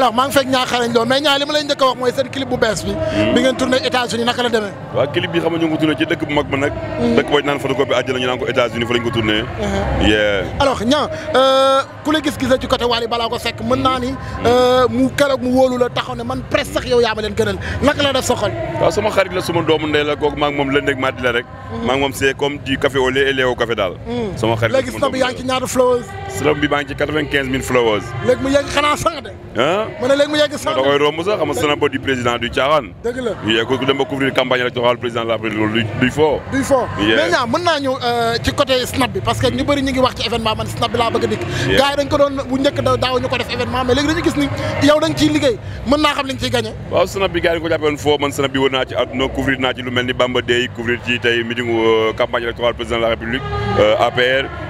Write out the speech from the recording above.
alors maa ngi fekk ñaa loolu mais ñaa ma lay njëkk a wax mooy seen clip bu bees bi bi hmm. ngeen tourné États-Unis naka la demee waaw clip bi xam ñu ngi ko ci dëkk bu mag ba nag hmm. dëkk ba ñu naan photocopie uh-huh. euh, la gis-gisa hmm. euh, mu keroog mu wóolu la taxaw ne man presque sax yow yaa ma leen gënal naka la def sa xol waaw sama xarit la suma doomu ndey la kooku maa ngi moom lëndeg maa di la rek maa moom c'est comme du café au lait et lait daal sama xarit bi yaa ngi ci ñaata flowers slum bi baa ngi ci quatre-vingt-quinze mille followers. léegi mu yegg xanaa sax de. ah ma ne léegi mu yegg sax de da koy romb sax xam nga slum du président du caaxaan. dëgg la ñu yegg ko dem ba couvrir campagne électorale président de la République loolu duy foo. duy foo mais ñaa mën naa ñëw euh, ci côté snap bi parce que ñu bëri ñu ngi wax ci événement man snap bi laa bëgg a dikk. gars yi dañ ko doon bu njëkk daw daaw ñu ko def événement mais léegi dañu gis ni yow da nga ciy liggéey mën naa xam li nga ciy gagné. waaw snap bi gars yi ko jàppoon foo man snap bi wër naa ci àdduna couvrir naa ci lu mel ni Bamba Day couvrir ci tey meeting euh, campagne électorale président de la République euh, APR